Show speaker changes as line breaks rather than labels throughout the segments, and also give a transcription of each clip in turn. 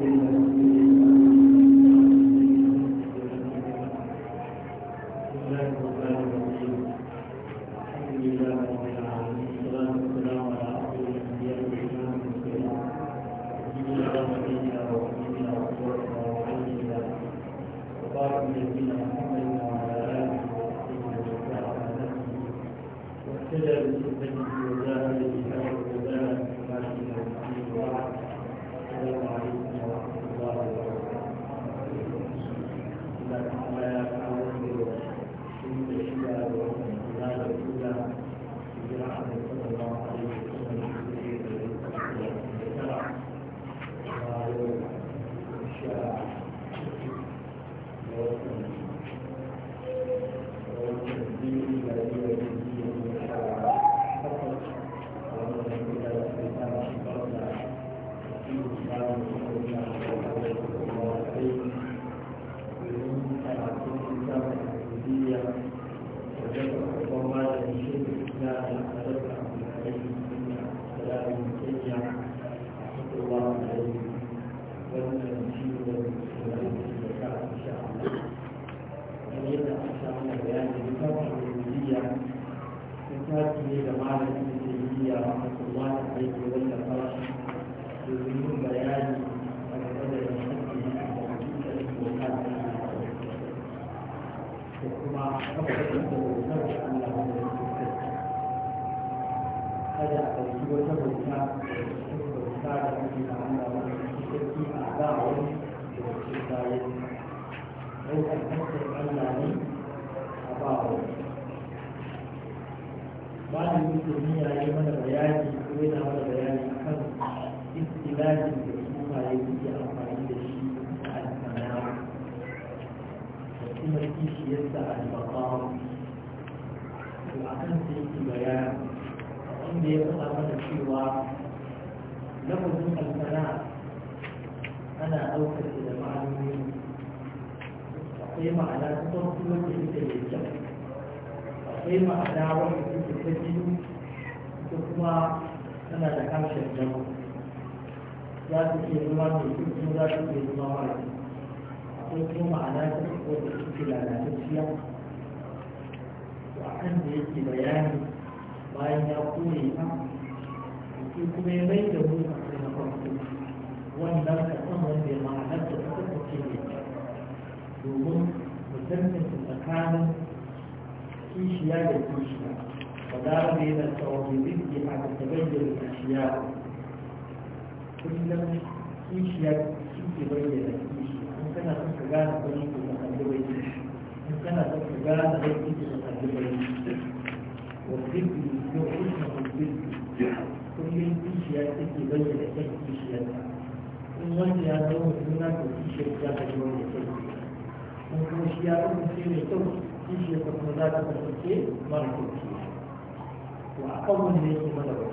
Amen. sai albarkar Allah ne mutum ya mana bayani ko yana mana bayani akan da kuma ya yi amfani da shi a a bayani ya mana cewa lafazin alfana ana ɗaukar da ma'anonin akwai ma'ana ta farko wanda ita mai kyau akwai ma'ana wanda take ta biyu ko kuma tana da harshen jama za su iya zama mai kyau za su iya zama mara akwai kuma ma'ana ta farko da take lalatacciya a kan da yake bayani bayan ya kore ta sai kuma ya mai da mu a kai wannan kasan wanda ya ma'anar da domin musamman su tsakanin kishiya da kishiya ba za a zai da tsawon rikki a kasa bayyana kishiya ba kullum kishiya su ke bayyana kishiya in kana son ka gane wani ke da kan dubai in kana son ka gane wani ke da kan dubai wa rikki ne ko kuma ko rikki kullum kishiya su ke bayyana kan kishiya in wani ya zo mutum na ko kishiya ta ga wani ke da kishiya mun kuma shi ya kasance mai kyau kishi ya kuma za ta kasance mara kyau to a kan wanda yake mana ba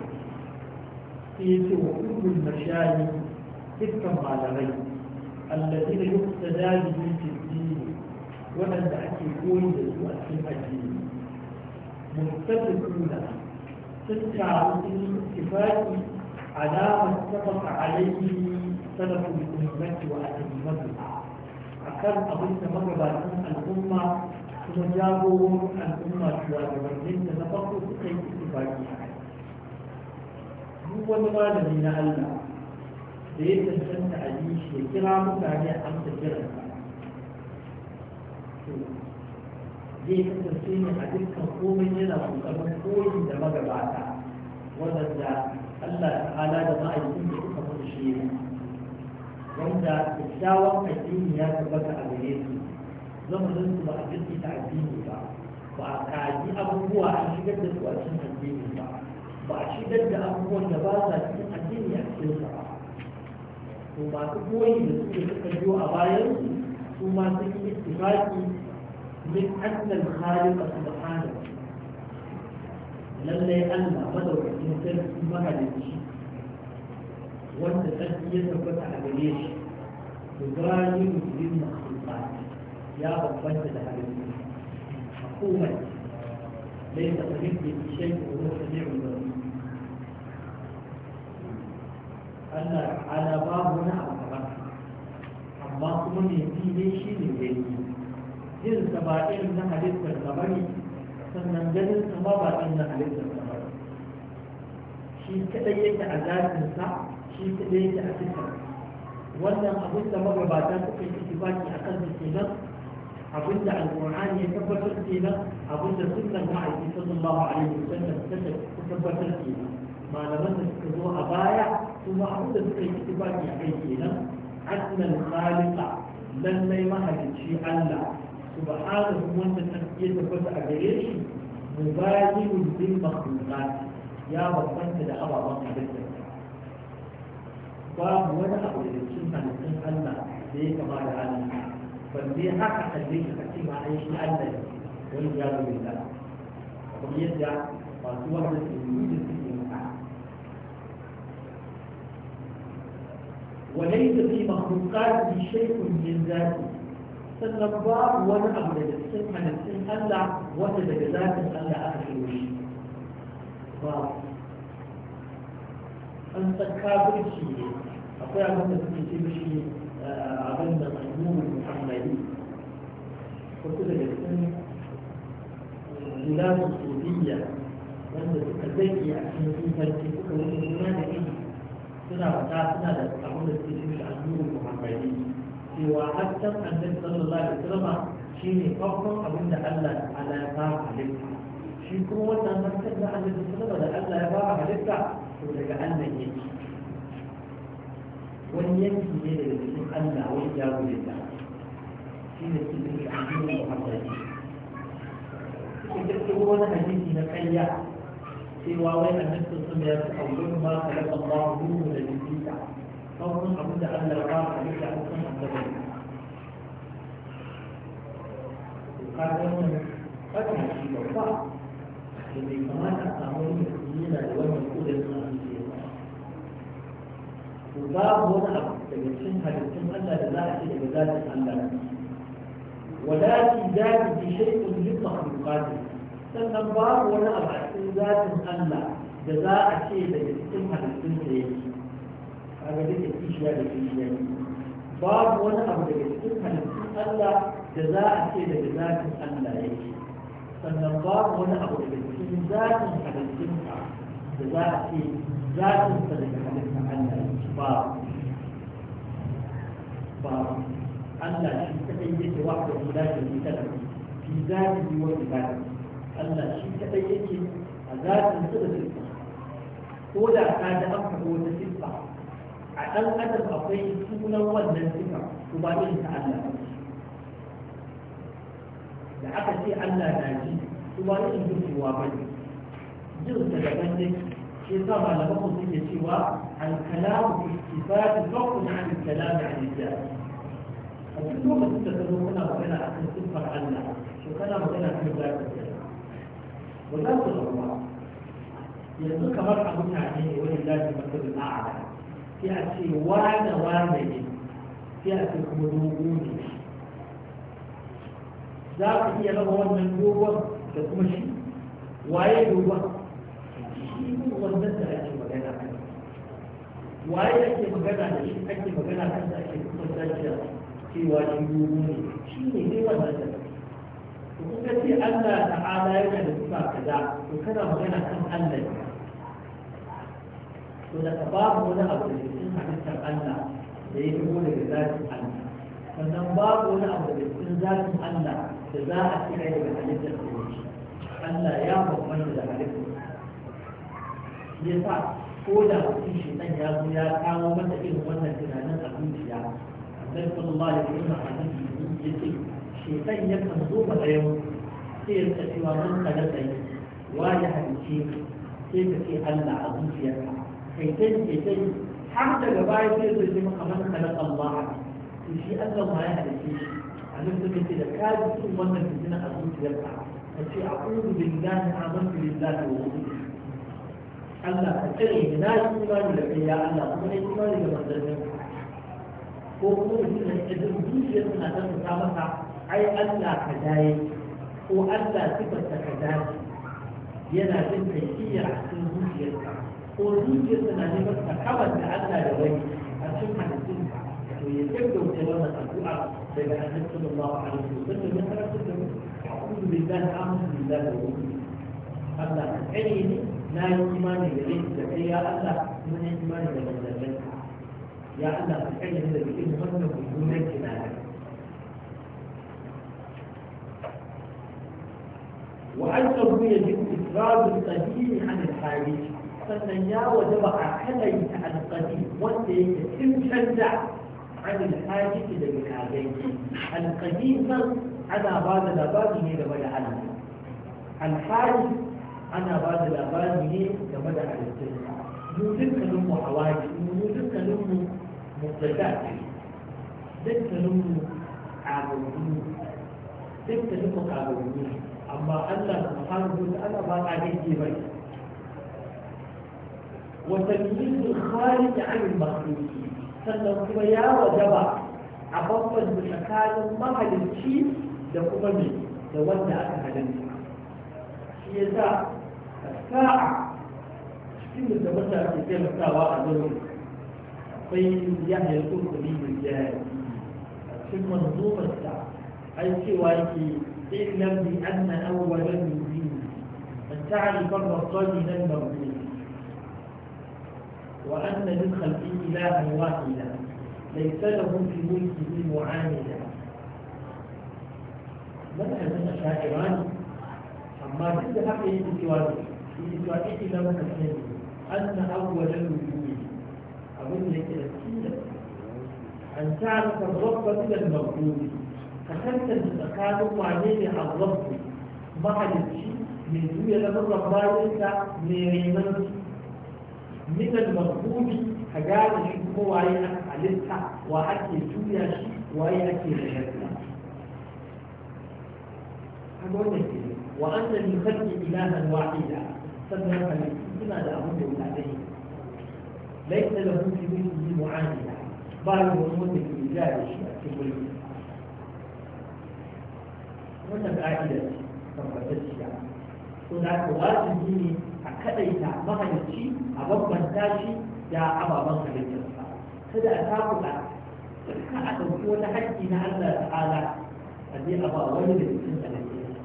sai ya ce wa kullum mashani dukkan malamai الذين يقتدى بهم في الدين ولن تأتي كل يسوع في الدين متفقون تتعرض الاتفاق على ما اتفق عليه سلف الأمة وأئمتها kan abin da magabatan al'umma kuma jagoron al'umma shugabannin da na farko suka yi ittifaki duk wani malami na Allah da ya cancanta a yi shi ya kira mutane a amsa kiran zai kasance ne a dukkan komai yana kokarin koyi da magabata wadanda Allah ta'ala da ma'aikin da suka mutu shi ne wanda kyakkyawan addini ya tabbata a gare su zamanin su ba a ta addini ba ba a kaji abubuwa a shigar da su a cikin addini ba ba a shigar da abubuwan da ba sa cikin addini a cikin sa ba to masu koyi da suke suka biyo a bayan su su ma sun yi ittifaqi min annal khaliqa subhanahu lallai Allah madaukakin sarki shi. wanda tsarki ya tabbata a gare shi ibrahim muslim makhluqat ya bambanta da halittu hukumar laysa kamithlihi shay'un wa huwa samii'ul basir Allah ta'ala babu na abu kamar amma kuma mai fi ne shi ne gani irin sa ba irin na halittar kamar sannan ganin sa ma ba irin na halittar kamar shi kadai yake a zafinsa shi kadai yake a cikin wannan abin da magabata suka yi a kan su kenan abin da alƙur'ani ya tabbatar kenan abin da sunnan ma'aiki sallallahu alaihi wasallam ta tabbatar kenan malaman da suka zo a baya kuma abin da suka yi a kai kenan annal khaliqa lallai mahalicci Allah subhanahu wanda ta iya tabbata a gare shi mubayyinun bil makhluqat يا ربنا كده أبا ربنا بيتك فهو ده أقول لك سنة نقول ألا ليك ما لعنى فالذي أي شيء ألا ونجاب بالله ثم يدع فالتوارد الوجود في المحاق وليس في مخلوقات شيء من ذاته سنة الباب ولا أبدا سنة نقول ألا وسنة ذاته ألا أخر الوجود ba an tsakafirci ne akwai abin da suke ce mishi eh, abin da majmumin muhammadi wasu daga cikin gulamun eh, sofiya wanda suka zaki a cikin sufanci suka wuce suna da ini suna fata suna da abin da suke ce mishi al'ummar muhammadi cewa hatta annabi sallallahu alaihi wasallam shine farkon abin da Allah ta'ala ya halitta shi kuma wannan harkar da annabi sallama da Allah ya fara halitta to daga Allah yake wani yanki ne daga cikin Allah wani jago ne da shi ne cikin addinin Muhammad cikin cikin wani hadisi na ƙarya cewa wai annabi sallama ya fi aulun ma khalaqa Allahu minhu da jinsa kawai abin da Allah ya fara halitta a kan annabi ka ga wannan haka shi babba da bai kamata a samu wani mutum yana da wannan kudurin a zuciya to babu wani abu daga cikin halittun Allah da za a ce daga zatin Allah ولكن ذاته شيء يطلق من قادر sannan babu wani abu a cikin zatin Allah da za a ce daga cikin halittun da yake kaga duka kishiya da kishiya babu wani abu daga cikin halittun Allah da za a ce daga zatin Allah yake sannan babu wani abu da cikin zafin halittunka da za a ce zatinsa daga halittar Allah ya ba ba Allah shi kadai yake wa da guda da ita da fi zati wa ibada Allah shi kadai yake a zafin sa da sifa ko da ka da an faɗo wata sifa a ɗan adam akwai sunan wannan sifa ko ba irin ta Allah da aka ce Allah na ji su ba ni jin cewa ba ne jin sa daban ne shi yasa malaman mu suke cewa al-kalamu fi sifati fawqun an al-kalami an al-jahil a duk lokacin da ka zo kana magana a kan siffar Allah to kana magana kan zafin ba za ku zama yanzu kamar a mutane ne wani zafi masu da a'ala sai a ce wane wane ne sai a ce kuma dogo ne za ka iya raba wannan dogon da kuma shi waye dogon shi ne wannan da ake magana waye ake magana da shi ake magana kan da ake kuma sajiya cewa shi dogon ne shi ne ne wannan da Kuma kuka ce Allah ta'ala yana da sifa kaza to kana magana kan Allah ne to da babu wani abu da cikin halittar Allah da ya fito daga zafin Allah sannan babu wani abu da cikin zafin Allah da za a kira daga halittar ubangiji Allah ya bambanta da halittar ya sa ko da mutum shi ɗan ya zo ya kawo mata irin wannan tunanin a zuciya annabi sallallahu alaihi wasallam a nan ya ce shekan ya kan zo ba ɗaya sai ya rika cewa mun kada kai wa ya halice sai ka ce Allah a zuciyarka kai kai kai kai har daga baya sai ya ce maka man kada Allah to shi Allah ma ya halice shi annabi suka ce da kaji cin wannan fitina a zuciyarka ka ce a ƙudu billahi amantu billahi wa wudu Allah ka tsare ni na yi imani da kai ya Allah kuma na yi imani da manzannin ko kuma mutum da idan zuciyar suna ta fita masa ai Allah ka daye ko Allah sifarta ka dace yana jin kaifiyar a cikin zuciyarsa ko zuciyarsa na neman ta kawar da Allah da wani a cikin ka. to ya kyau da wuce wannan addu'a فإذا النبي صلى الله عليه وسلم مثلا كلهم أعوذ بالله أعوذ بالله وأعوذ الله عيني لا يؤمن إليك يا الله من إيمان إليك يا الله العين الذي إيمانه بدونك لا وأنه يجب إفراد القديم عن الحديث فمن يا وجب عقلي عن القديم وانت تمشى عن الحاجة للحاجين القديم أنا بعد الأباد هي لما يعلم الحاجة أنا بعد الأباد هي لما يعلم يوجد كلمة حواجز يوجد كلمة مبتدأ يوجد كلمة عبودية يوجد كلمة عبودية أما الله سبحانه وتعالى بعد عليه في وتمييز الخارج عن المخلوقين sannan kuma ya wajaba a bambanta tsakanin mahalicci da kuma mai da wanda aka halitta shi ya sa a sa'a cikin da mata ke taimakawa a gurin akwai yahya kurkuri da A cikin manzumarsa ai cewa yake ilam bi anna awwalan min ta'rifa al-maqamin nan mabni وأن من خلفه إلها واحدا ليس لهم في ملكه معاندا مثلا من الشاعران أما جد حق الاتواء الاتواء إلى مكتب أن أول الوجود أقول لك الأسئلة أن تعرف الرب من الموجود فكنت تتكاد على الرب مع الشيء من دون الرب ما ينفع من من المرغوب حاجات شي هو اي حالتها واكي تويا شي واي اكي رجلها هقول لك وان من خلق الها واحدا سبحانه كما لا أبد عليه ليس له في مثله معاندة بل موت في إجابة في كل wannan ka'ida tabbatacciya to da ku wajibi ne a kadaita mahalici a bambanta shi da ababen halittarsa kada a takura ka a ɗauki wani haƙƙi na Allah ta'ala a je a ba wani da cikin halittarsa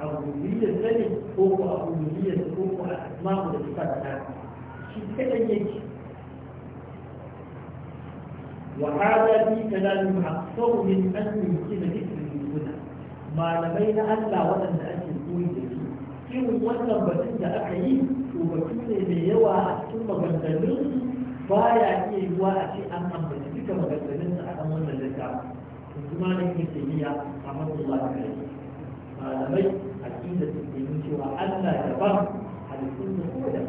a rububiyar sani ko ko a rububiyar ko ko a asma'u da sifar ta shi kaɗan yake وهذا في كلام أكثر من أن يمكن ذكر هنا ما لبين أن لا وأن أن يكون ذكر irin wannan batun da aka yi to batu ne mai yawa a cikin maganganun ya iya yiwuwa a ce an ambaci duka maganganun sa akan wannan littafi kuma na ke tafiya a matsayin kai malamai aƙida su ke yin cewa Allah ya ba halittun da kuma da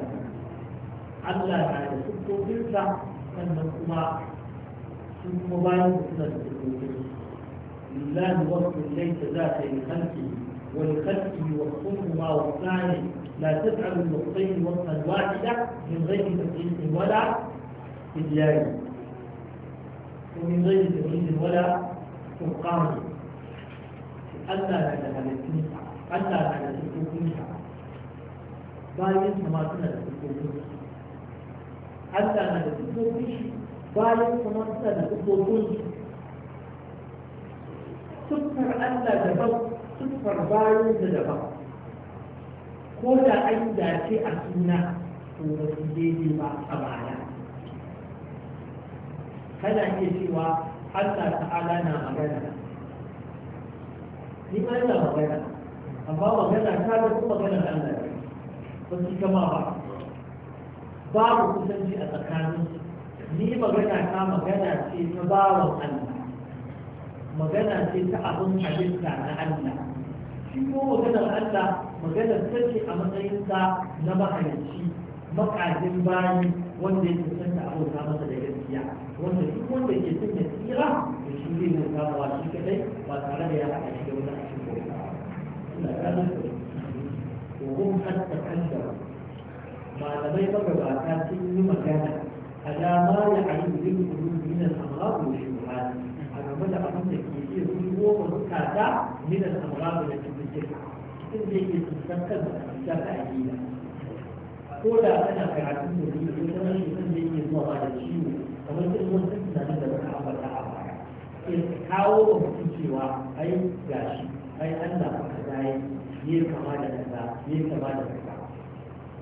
Allah na da sukkokinsa sannan kuma su kuma bayan suna da sukkokinsa lillahi wasu laita za ta yi halki والخلق والصنع والثاني لا تجعل النقطين وقتا واحدا من غير تفريق ولا إدلال ومن غير تفريق ولا فرقان ألا على ألا لا تهلكني bayan kuma suna da dukkokin Allah na da dukkokin shi siffar bayan da daban ko da an dace a suna to ba su daidai ba a baya kana iya cewa Allah ta'ala na magana ni ma yana magana amma magana ta ga kuma magana Allah ne ba su kama ba babu kusanci a tsakanin ni magana ta magana ce ta bawan Allah magana ce ta abin halitta na Allah shi ko maganar Allah maganar take a matsayinsa na mahalarci makajin bayi wanda ya cancanta abota masa da gaskiya wanda duk wanda ke son ya tsira da shi zai kamawa shi kadai ba tare da ya haɗa shi da wani a ina hatta kanta malamai magabata sun yi magana a dama ya ayi zai kudu goma bukata min da amrad da cikin cikin da yake fuskantar da cuta ta aƙida ko da ana karatu da da ko ta rashin san da yake zuwa ba da ciwo kamar cikin wannan tunanin da muka ambata a baya sai ka kawo wa mutum cewa ai gashi ai Allah ba ka dai ne kama da kaza ne kama da kaza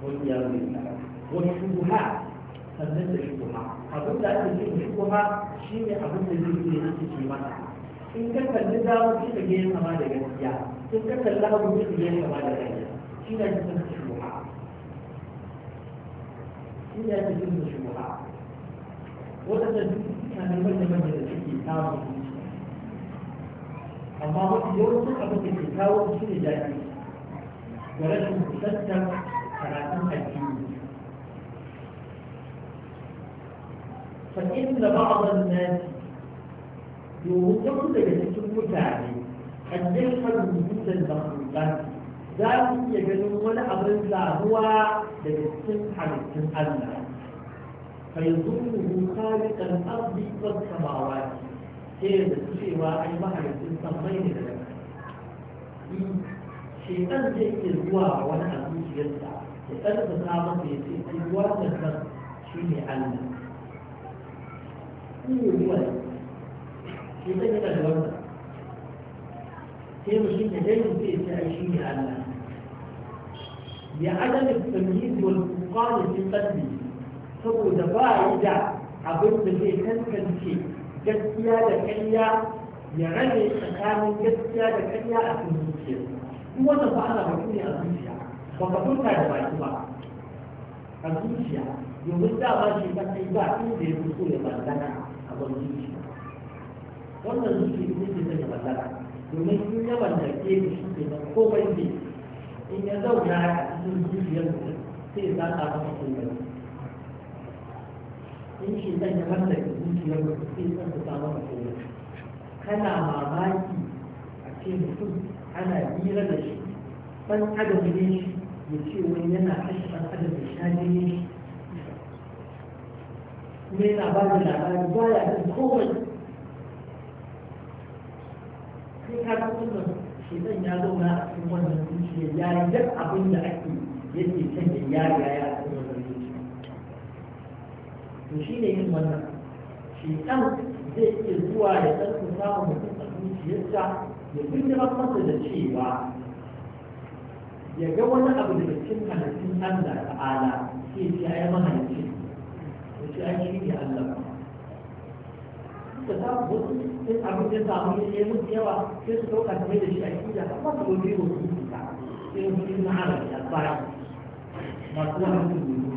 wani ya zo ya wani shubuha sannan da shubuha abin da ake ce shubuha shine abin da zai ke yake ce mata in ka kalli dawo sai ka gani kama da gaskiya in ka kalli hagu sai ka gani kama da gaskiya shi ne cikin shuha shi ne cikin shuha waɗanda duk suna nan manya manya da suke samun zuciya amma mafi yawancin abin da ke kawo shi ne jaji da rashin kusantar karatun addini فإن بعض الناس domin wasu daga cikin mutane a jirgin rubutun da kuma za su iya ganin wani abin zaruwa daga cikin halittun Allah. Kai zuwa rubuta da kan arziki kan samawa ce, sai da su a yi mahalittun samai ne da kai. Shekar zai iya zuwa a wani abinciyarsa, ya ɗarfa samun da ya ce, ruwa da kan shi ne Allah. Kuma yi wani shi zai yana da wannan sai mutum da dai mutum ya ce ai shi ne Allah ya adana tamyiz da furqan fi qalbi saboda ba a yi da abin da zai tantance gaskiya da ƙarya ya rage tsakanin gaskiya da ƙarya a cikin zuciya duk wannan ba ana batu ne a zuciya ba ka furta da baki ba a zuciya domin dama shi ba sai ba inda ya fito ya bandana a ban zuciya wannan zuciya ne ke zai mallaka domin in ya ke ni su ke zai ko bai ne in ya zauna a cikin zuciyar mutum sai za a zaɓa masa ne in shi zan ya mallake zuciyar mutum sai ya zaɓa masa ne kana mamaki a ce mutum ana hira da shi ɗan adam ne shi ya ce wani yana kashe ɗan adam da shaɗi ne shi kuma yana ba da labari ba ya ɗin komai ka ga wannan shedan ya zauna a cikin wannan zuciya ya yi duk abin da ake yake can ya ya ya a cikin wannan zuciya to shi ne yin wannan shedan zai iya zuwa ya san ku samu mutum a zuciyarsa ya kundurar masa da cewa ya ga wani abu daga cikin halittun Allah ta'ala sai ya yi mahalicci ya ce ai shi da samun wasu sai abin da samu ne ya mutu yawa sai su ɗauka mai da shi a cikin da ba su gobe ba su ka sai wasu yi na a baya masu wani su gobe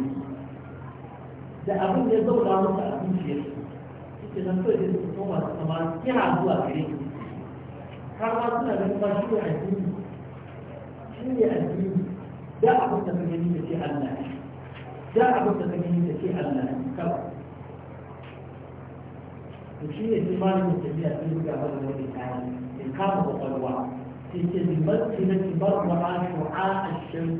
da abin da ya zauna musu a zuciyar su ke nan kawai da su koma su kama kira zuwa gare su har ma suna ganin ba shi ne addini shi ne addini da abin da ka gani da ke Allah da abin da ka gani da ke Allah kawai وشيء إيمان المسلمين في كتاب الله تعالى يعني الكامل والقلوة في تلبس في برمع شعاع الشمس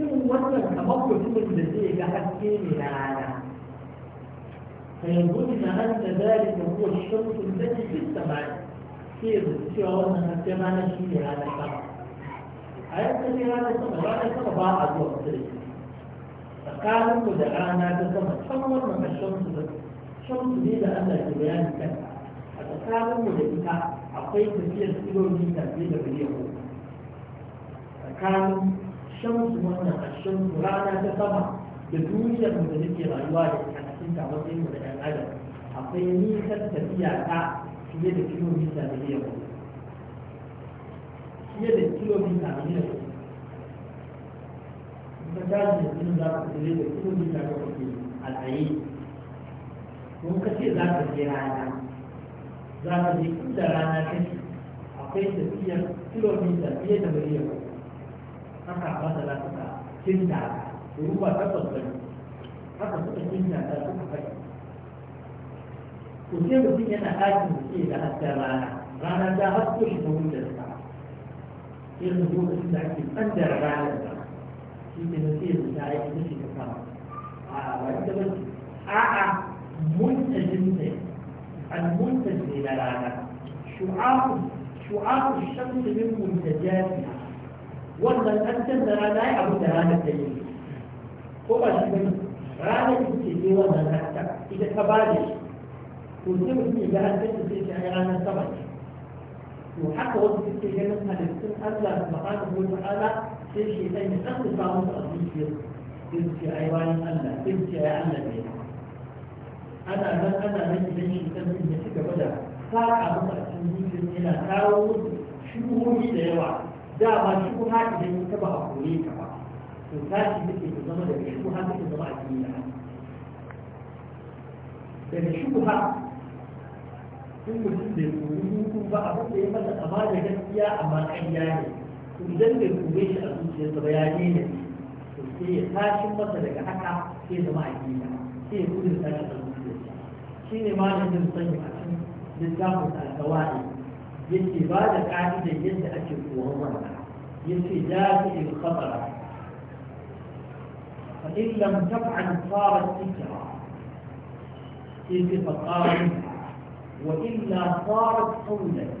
irin wannan kamar mutumin da zai ga haske ne na rana فيقول إن أنت ذلك هو الشمس التي في السماء كيف تشعر أن السماء نشيء هذا الشمس أيضا في هذا السماء بعد السماء بعض الوقت فقالوا مدعانا تسمى تحول من الشمس shamsu ne da Allah ke bayani kan a tsakanin mu da ita akwai tafiyar kilomita fiye da miliyan uku tsakanin shamsu wannan a shamsu rana ta sama da duniyar mu da nake rayuwa da a cikin ta matsayin mu da ɗan adam akwai nisan tafiya ta fiye da kilomita miliyan uku fiye da kilomita miliyan uku ta tashi da za ku da kilomita ga kuke a tsaye kun ka ce za ka je rana za ka je inda rana kake akwai tafiya kilomita fiye da miliyan haka ba ta za ta ka kinta domin ba ta tsabbani haka suka da ta suka kai to sai mutum yana ɗakin ke da hasken rana rana ta hasko shi ta wuce sa irin lokacin da ake tsandar ranar da shi ne na sai da ta aiki da shi da ta a wani da a a منتجم ne المنتج من العالم شعاع شعاع الشمس من منتجاتها wannan an canza rana ya abu da rana ta yi ko ba shi bane rana ita ce wannan rana ita ta ba da shi to sai mutum ya an canza sai ta ranar sama ce to haka wasu suke ganin halittun Allah subhanahu wa ta'ala sai shi ya sanya a zuciyarsu sai su ana nan ana nan idan shi kan din ya ci gaba da saka masa a cikin zuciyar yana kawo musu shuhohi da yawa dama shuha idan ya ba a koye ka ba to tashi take ta zama daga shuha take zama a duniya daga shuha in mutum bai koyi hukun ba abin da ya masa kama da gaskiya amma ƙarya ne to idan bai koye shi a zuciyarsa ba ya ne to sai ya tashi masa daga haka sai zama a duniya sai ya kudin tashi shi ne ma da jin sanya a cikin littafin alkawari yake ba da ka'idar yadda ake koyon wannan yake dafi il khabara fa in lam taf'al sarat ikra yake faqari wa illa sarat qawlan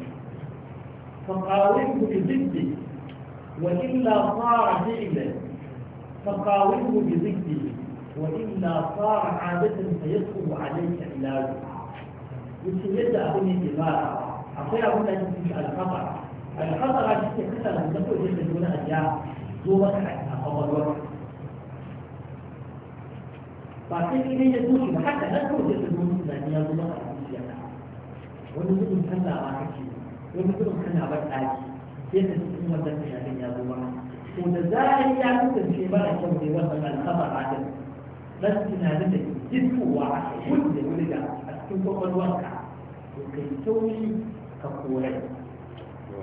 فقاومه بضده وإلا صار فعلا فقاومه بضده وإلا صار عادة فيصعب عليك علاجها يمكن يبدأ أبن الإبارة أقول هنا يمكن في الخطر الخطر جدا كثر من تقول جدا دون أجاء دون أفضل وقت بعدين إليه يدوش حتى لا تقول جدا دون أجاء دون أفضل wani gudun kanna ba kake wani gudun kanna ba tsaki sai ka ji in wannan tunanin ya zo ba to da zarar ya kasance dan tunanin da ke jiskowa a wanda wulga a cikin kwakwalwarka to kai sauri ka korai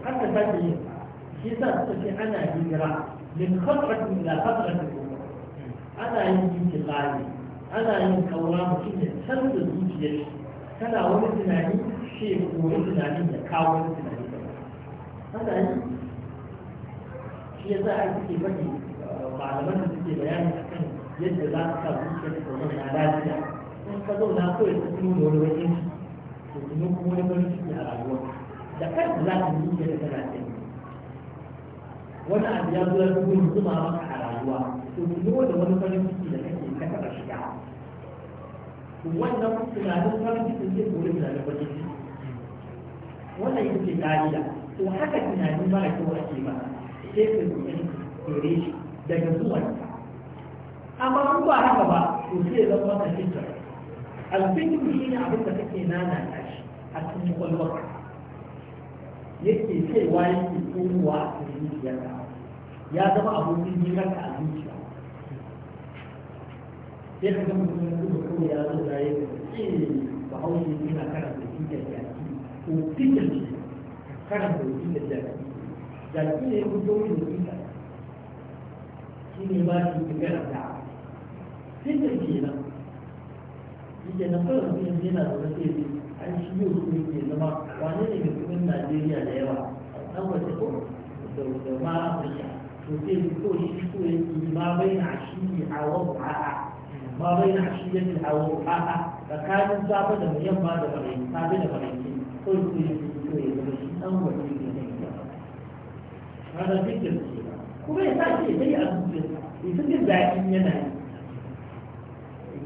haka ta ke yin shi sa suka ce ana hijira min khatratin ila khatratin ana yin jinkirari ana yin kaura mutum ya canza zuciyar shi kana wani tunani shi koyi tunanin ya kawo wani tunani ana yi shi ya sa ake ke faɗi malaman da suke bayani akan yadda za ka sa zuciyar ka zaune na lafiya kuma ka zauna kawai ka tuno da wani wani to tuno kuma wani wani ciki a rayuwa da kanka za ka zuciya da tana tsaye wani abu ya zo ya zuwa zuma maka a rayuwa to tuno da wani wani ciki da kake ka taɓa shiga wannan tunanin farin cikin zai kori tunanin farin ciki wannan ita ce ƙa'ida to haka tunanin mara kyau ake ba sai ka zuwa kore shi daga zuwan amma in ba haka ba to sai ya zama maka hikar alfikin shi ne abin da kake nana shi a cikin kwalwar yake kaiwa yake komowa a cikin zuciyarka ya zama abokin ka a zuciya sai ka gama kuma kuma kuma ya zo da ya ce ba haushe yana karanta hikar jaki ko hikar ce karanta hikar jaki jaki ne ya fito min hikar shi ne ba shi hikar da sai da ke nan yake nan kawai mutum yanzu yana da wani an shi yau kuma yake zama wane ne ga kudin najeriya da yawa a wace ko da ma afirka to sai ko shi ko yake ma bai na shi a waba'a ma bai na shi yake a waba'a tsakanin safe da yamma da bare safe da bare ko yake yake ko yake zama shi an waje ne da yawa hada duk da kuma ya sa shi ya yi a zuciyarsa ya fi jin daɗin yana yi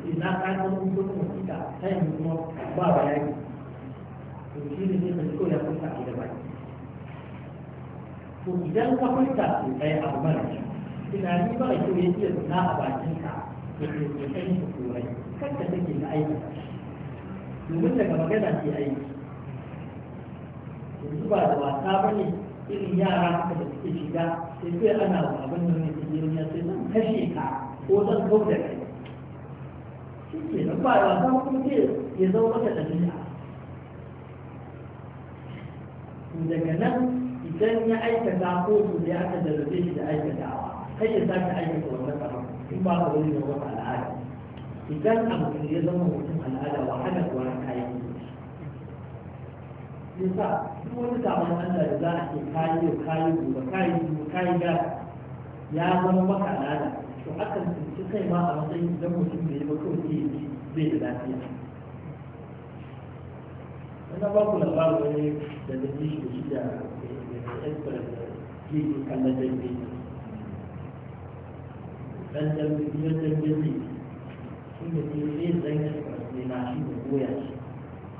ina ka san mutum wasiƙa ta yanzu kuma ba bayani to shi ne sai ka ji kawai ya furta a gida baki to idan ka furta to kai abu mara kyau tunani mara kyau ya iya zuna a bakin ka da ke ke kai shi turai kanka take da aiki domin daga magana ke aiki yanzu ba da wasa ba ne irin yara haka da suke shiga sai sai ana abin da ne ke yi sai zan kashe ka ko zan kau da kai shi ke nan ba ya san kuma ke ya zama mata ɗabi'a daga nan idan ya aikata ko su ne aka jarrabe shi da aikatawa kai ya sake aikata wannan kama, in ba ka wani zama al'ada idan abu ya zama mutum al'ada wahala ko wani kayan yasa duk wani sabon Allah da za a ce kayi kayi gobe kayi kayi gada ya zama maka al'ada to akan tsinci kai ma a matsayin idan mutum bai yi ba kawai zai yi bai da lafiya na ba ku labarin wani da da ji shi da ya kallon dambe dan dambe dambe ne shi da ke zai zan ne na shi da goya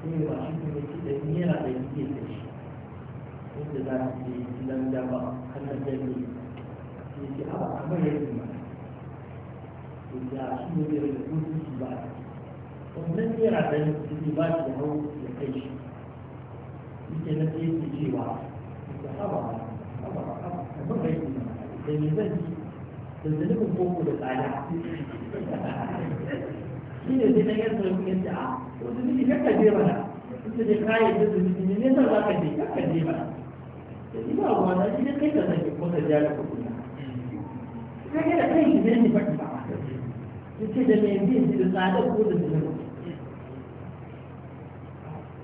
shi ne ba shi kuma shi da nera da yake da shi za su yi kallon dambe ne ke a kamar yadda da su ne da ba wannan da ba da hau kai shi na da haba haba haba da ne zan ci da koko da shi ne na a ita kayan da ne nesa za ka je da na shi ne kai kai da kai ne ne ba yace mai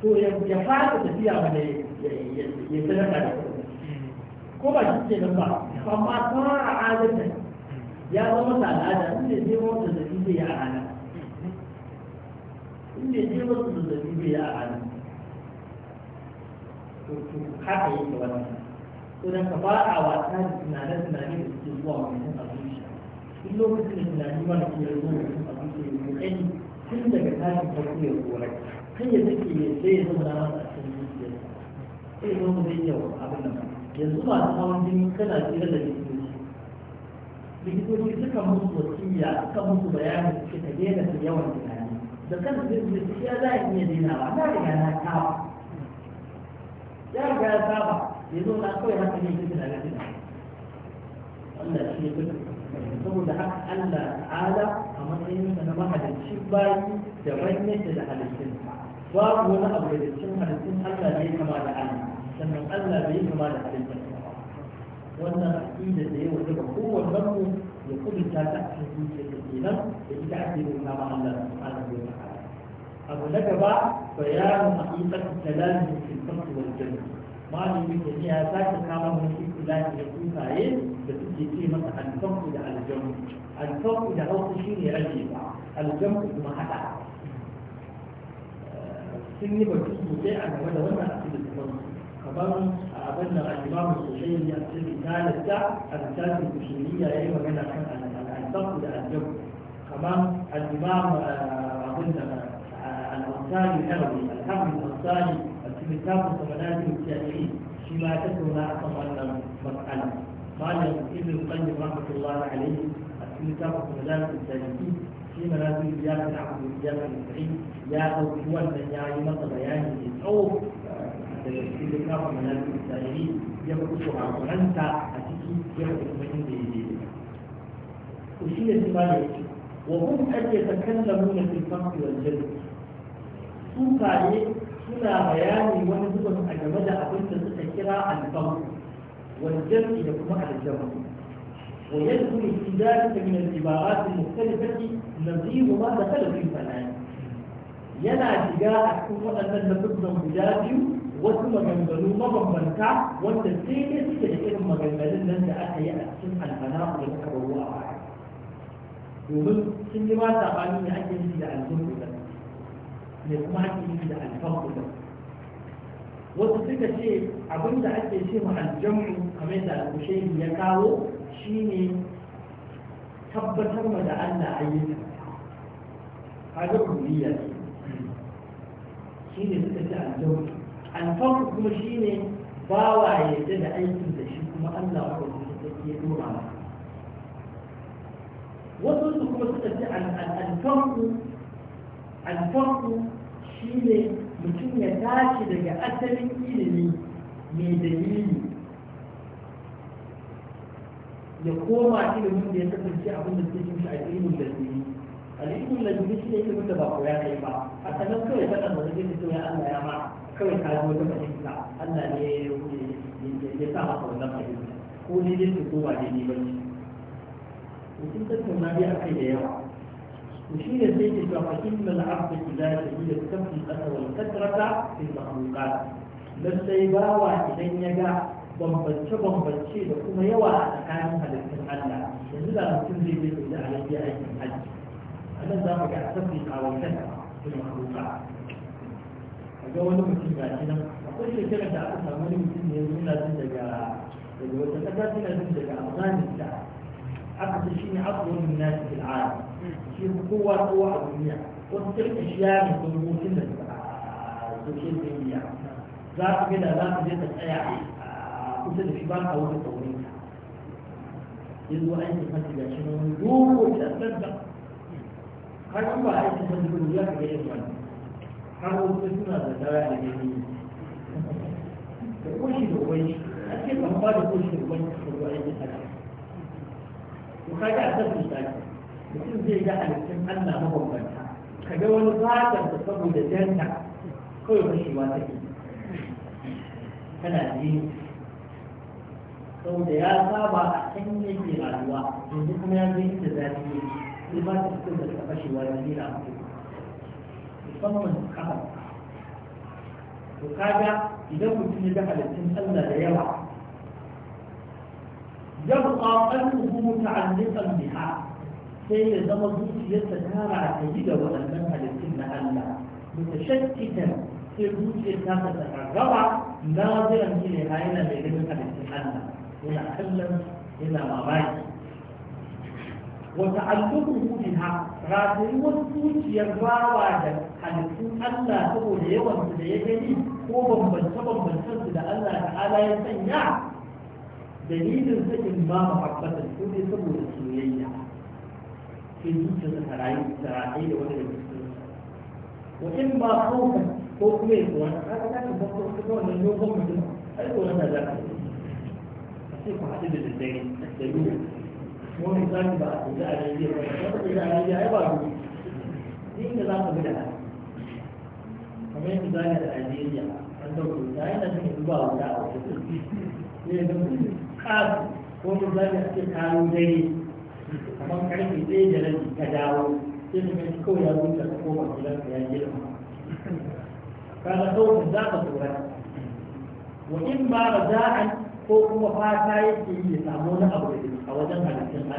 to ya tafiya ya ko ba amma da zai ka a wasa da zuwa in lokacin da da mara ke zo a kuke kokari tun daga tashin farko ya korai kan ya take ya sai ya zama na a cikin zuciya sai zo mu zai yau abin nan yanzu masu hawan jini kana tsira da likitoci likitoci suka musu wasiya suka musu bayanin suke ka daina su yawan tunani da kansu zai zai su za a iya dainawa na riga na saba ya riga ya saba ya na kawai haka ne ke tunanin tunani Allah shi ya fi saboda haka Allah ta'ala a matsayin sa na mahalicin bayi da bayyanta da halittun babu wani abu da cikin halittun Allah bai kama da Allah sannan Allah bai kama da halittun wannan aƙida da yawa daga kowanne mu ya kudurta ta a cikin zuciyarsa kenan da ita ake nuna ma Allah subhanahu wa ta'ala abu na gaba bayanin haqiqatul kalam fil fard wal wajen. malamin da ya sake kama mun istilahi da tsuntsaye da suke ce masa alfaku da aljamu alfaku da hausa shi ne rage ba aljamu kuma haɗa sun yi batu sosai a game da wannan asibitin kuma kamar abin da al'imamu sosai ne a cikin talarta a littafin kushiriya ya yi magana kan alfaku da aljamu kamar al'imamu abin da al'ansari karabi alhamdu al'ansari littafin sa manazil jami'i shi ma ta tona kan wannan matsala malam ibn qayyim rahmatullahi alayhi a cikin littafin manazil jami'i shi manazil ya ta abu ya ta ya dauki wannan ya yi masa bayani mai tsawo daga cikin littafin manazil jami'i ya fito a kuranta a ciki ya fito kuma inda ya je to shi ne shi malam ya ce وهم قد يتكلمون في الفقه والجد سوكا كنا بيان من نقطة أجمد أبنت تذكرة عن الضم والجمع يكون على الجمع ويدخل في ذلك من الجبارات المختلفة نظير ما دخل في الفنان ينا تجاه أكون أن نقطة مجازي وثم من بنو مضم من كع والتسليم يسكي لكي مجمد لن تأتي أكسن عن فناق لك بواعي ومن سنجمات أقاليني أكسن في الجمع Mai kuma haƙƙi da alfaqu da wasu suka ce abin da ake ce ma aljamu kamar da al ya kawo shine tabbatar ma da Allah ayyuka kaga kulliya shine suka ce aljamu alfaqu kuma shine bawa ya yarda da aikin da shi kuma Allah ya ya dora maka wasu su kuma suka ce alfarku alfarku shi ne mutum ya tashi daga asalin ilimi mai dalili ya koma ilimin da ya kasance abin da suke shi a ilimin da su dalili al'ilmin da dalili shi ne ilimin da ba koya kai ba a sanar kawai ta da wani gini ya Allah ya ma kawai ka zo ta fahimta Allah ne ya ya sa maka wannan fahimta ko ne zai ko ba ne ba ne mutum tattauna dai kai da yawa وشين زيت فإن العبد إذا لم يكتفي الأثر الكثرة في المخلوقات بس يباوى إذن يجا بمبتش بمبتش بكما يوى أتكان هذا الكلام الله يجب أن تنزل به إذا على أي حج أنا زاما كأسفي أو الكثرة في المخلوقات فقالوا لهم كيف أتنا أقول لك كيف أتنا أقول لهم كيف أتنا أقول لهم كيف أتنا أقول لهم كيف أتنا أقول لهم كيف أتنا أقول لهم كيف أقول لهم كيف أتنا أقول لهم كيف أقول لهم كيف أتنا أقول لهم كيف أقول لهم كيف أتنا أقول لهم كيف أقول لهم كيف أتنا أقول لهم كيف أتنا أقول لهم كيف أتنا أقول لهم أقول لهم كيف أتنا أقول لهم أقول لهم كيف أتنا أقول لهم أقول لهم كيف أتنا أقول لهم أقول لهم كيف أتنا أقول لهم أقول لهم كيف أتنا أقول لهم أقول لهم كيف أتنا أقول لهم أقول لهم كيف أتنا أقول لهم أقول لهم كيف أتنا أقول لهم كيف shi kowa kowa a duniya wasu kirka shi ya ne kun rubutun da suka social media za su ga da za su je ta tsaya a kusa da shi ba ka wani taurin ka yanzu an yi fasi da shi na wani dogo da tsantsan har an ba a yi fasi da ya ka yi wani har wasu suna da dawa da gani da koshi da wani a ce ban ba da koshi da wani da wani ya ka ga a tsantsan mutum zai ga halittun Allah mabambanta ka ga wani fatan da saboda danta kawai fashewa ta ke. tana jini saboda ya saba a can yake rayuwa yanzu kuma ya zai da zafi ne sai ba ta fitar da ta fashewa ya jira mutum musamman kafa to kaga idan mutum ya ga halittun Allah da yawa yabqa qalbuhu muta'alliqan biha sai ya zama zuciyarsa ta ratayi da waɗannan halittun na Allah mutashattitan sai zuciyar ta ta tsararraba naziran shi ne yana mai ganin halittun Allah yana kallon yana mamaki wata allukuhu biha ratayuwar zuciyar bawa da halittun Allah saboda yawan su da ya gani ko bambance bambancen su da Allah ta'ala ya sanya dalilin sakin ma mahabbatar ko dai saboda soyayya في zuciyarsa ta rayu da da wani ba ko kuma ya kuwa ta kuma ko kuma mutum za ka sai ku haɗu da daddare a ne ba a ba ba za ka bi da kamar da an ta yana da wuta a ne da kasu ko ce dai kamar karfe ɗaya da rabi ka dawo sai mu gani kawai ya wuce ka koma gidan ka ya girma kaga kawai za ka tsorata wa in ba ba za a ko kuma fata yake yi ya samu wani abu a wajen halittun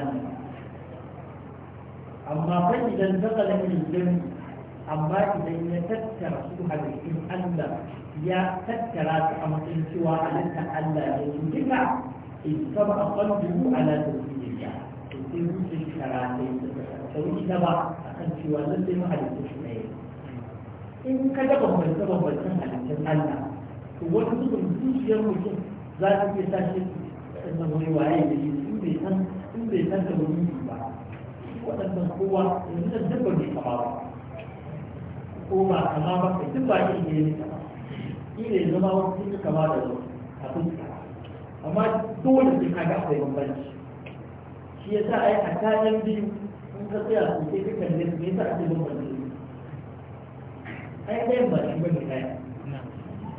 Allah amma fa idan ta tsala idan amma idan ya tattara su halittun Allah ya tattara su a matsayin cewa halittar Allah ne duka in saba a kwanu ala tauhidiyya sai wuce sharaɗe ta wuce ta ba a kan cewa lallai mahalittun shi ɗaya in ka ga bambance bambancen halittun Allah to wani mutum zuciyar mutum za ta iya tashi da wani waye da shi in bai san in bai san da wani ba waɗannan kowa yanzu da dabba bai kama ba ko ba kama ba kai duk ba shi ne ne kama shi ne zama wasu sun kama da wasu a fuska amma dole sai ka ga akwai bambanci shi yasa ai a kayan biyu in ka tsaya su biyu ai ɗayan ba shi bane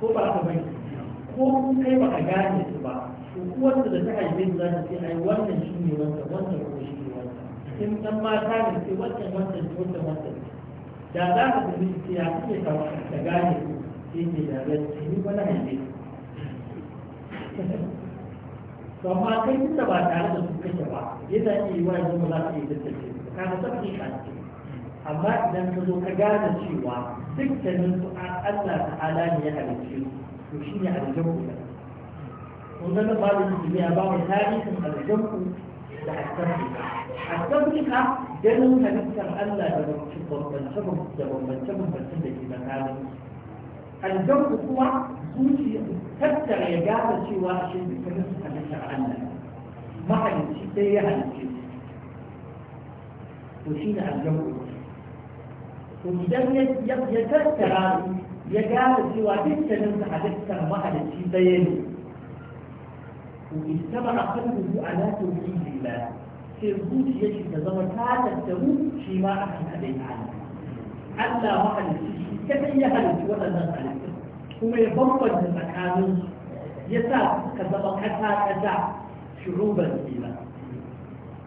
ko ba ka bane ko kun kai ba a gane su ba to uwarsa da ta haife su za ta ce ai wannan shi ne wannan wannan ko shi ne wannan in ɗan mata ne sai wannan wannan wannan wannan da za ka tafi sai ya kuke ka gane su sai ke da rai ni ba na haife to amma kai tun da ba tare da su kake ba yana iya yi wa yanzu ba za ka iya tattace ka ga tafi ka ce amma idan ka zo ka gane cewa duk dukkanin su Allah ta'ala ne ya halice su to shi ne aljanku da kun ga ba da shi ya ba mai tarihin aljanku da asabika asabika ganin halittar Allah da bambance bambance da bambance da ke tsakanin aljanku kuma tattara ya gada cewa a shi dukkanin su halittar Allah mahalicci sai ya halicci to shi ne aljamu to idan ya tattara ya gada cewa dukkanin su halittar mahalicci ɗaya ne to istama a kan rubu a na tauhidin da sai zuciya shi ta zama ta tattaru shi ma akan kaɗai Allah Allah mahalicci shi kaɗai ya halicci waɗannan halittu kuma ya bambanta tsakanin ya sa suka zama kasa kasa shuruban ila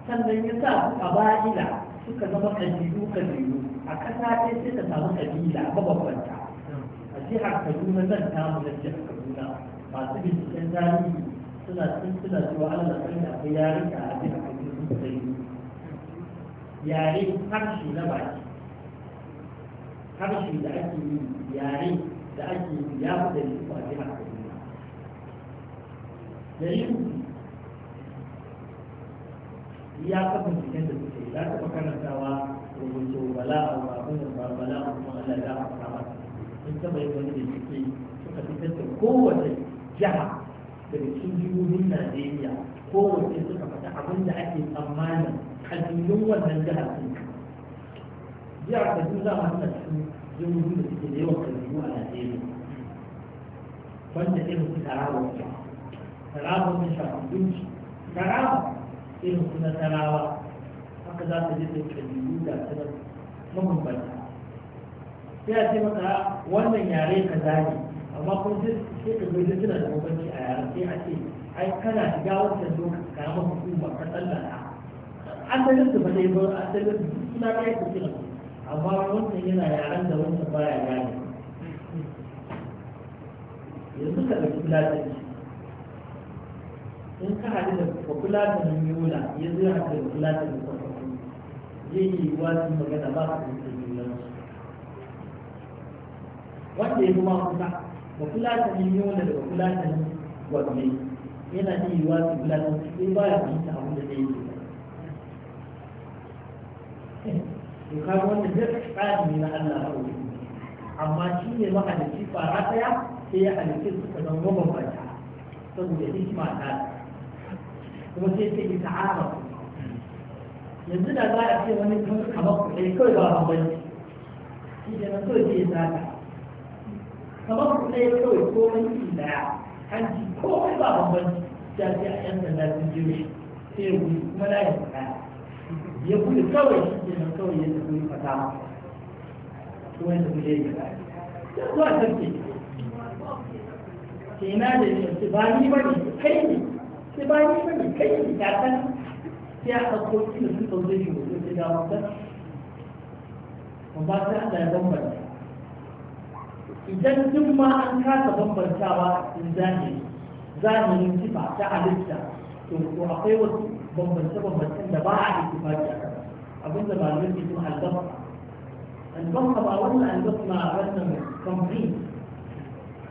sannan ya sa suka ba'ila suka zama kabilu kabilu a kasa ɗaya sai ta samu kabila mabambanta a jihar kaduna zan tamu na jihar kaduna masu binciken tarihi suna sun suna cewa ana da kan akwai yarinka a jihar kaduna sosai yare harshe na baki harshe da ake yi yare da ake yi ya fi dari uku a jihar kaduna dari uku ya kafa cikin da suke za ta makarantawa rubutu bala a babun da bala a kuma allah ya hafa kama sun taba yi wani da suke suka fi da kowace jiha daga cikin jihohin najeriya kowace suka fata abin da ake tsammanin kalilin wannan jihar sun jihar kaduna ma suna cikin jihohin da suke da yawan kabilu a Najeriya wanda irin su tarawa wata tarawa wata shafin dunci tarawa irin su na tarawa haka za ta je ta da kabilu da sanar mabambanta sai a ce maka wannan yare ka zane amma kun ce sai ka gaji suna da bambanci a yare. sai a ce ai kana shiga wancan lokacin karamar hukuma ka tsallaka an da lissu ba dai ba an da lissu suna ɗaya ku kira amma wannan yana yaren da wannan baya gane yanzu ka ɗauki shi in ka hadu da fulatanin yola ya zai haɗu da fulatanin kwakwakwani zai yi wasu magana ba ka ɗauki yolansu wanda ya kuma kusa ba yi yola da ba fulatanin gwamnati yana yi wasu fulatanin sai ba ya ta abu da zai yi to kaga wanda duk tsari ne na Allah ba wai amma shi ne mahalicci fara daya sai ya halicci su ka zama mabambanta saboda hikima ta kuma sai ta yi ta'ara yanzu da za a ce wani kan kamar kuɗai kawai ba bambanci shi da na kawai sai za ka kamar kuɗai kawai komai ki daya hanci komai ba bambanci da sai a yan sanda sun jiyo sai ya gudu kuma na yin kuɗa ya gudu kawai shi ke nan kawai ya tafi fata kuma ya tafi ya yi ya zuwa sarki ke na da shi ba ni ba ne kai ne sai ba ni ba ne kai ne ta san sai a ɗauko inda su ɗau zai shigo sai ga wata ba ta Allah ya bambanta idan duk ma an kasa bambantawa in zahiri zahiri sifa ta halitta to akwai wasu bambance-bambancen da ba ده بعد كده يكون على الضغط الضغط بقى ولا الضغط مع رسم تنظيم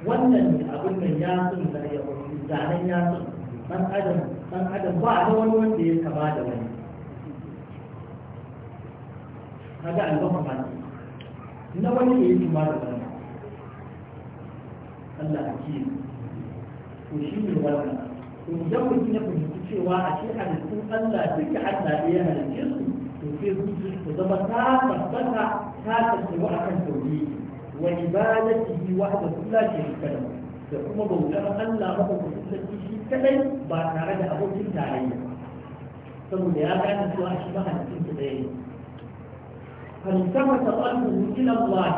ولا اقول من ياسر ولا هي زعلان ياسر من ادم من ادم بعد هو اللي ودي يركب هذا هذا الضغط عندي إنه ولي يجي ما هذا الله أكيد وشيل الغلط ومزوج نفسه في شيء واحد شيء حد يكون الله تجي حتى بيها للجزء zuciyar su zama ta tabbata ta tattaru a kan tauhidi wa ibadatihi wahda la sharika lahu da kuma bautar Allah madaukakin sarki shi kadai ba tare da abokin tarayya saboda ya gane cewa shi ba a mahalicin su ɗaya ne فالتفت قلبه إلى الله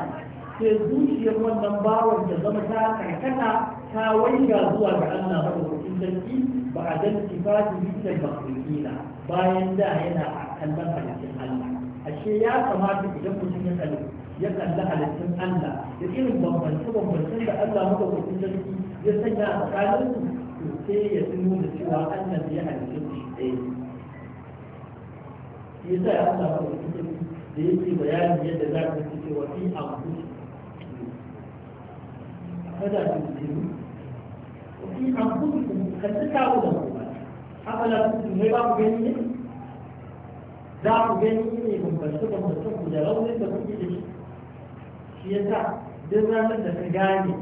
sai zuciyar wannan bawon da zama ta karkata ta waiga zuwa ga Allah madaukakin sarki ba a dan sifati bisa makhluqina bayan da yana a kallon halittar ashe ya kamata idan mutum ya kalli ya kalli halittun Allah da irin bambance bambancen da Allah maka mutum sarki ya sanya a tsakanin su sai ya tuno da cewa Allah ya halitta shi ɗaya shi yasa ya Allah maka mutum sarki da yake bayani yadda za ka fi cewa fi amfus kada ku tuno fi amfus kan ta kawo da kuma haka la ku tuno ba ku gani ne za ku gani ne bambance da ku da raunin da kuke da shi shi sa, duk ranar da ka gane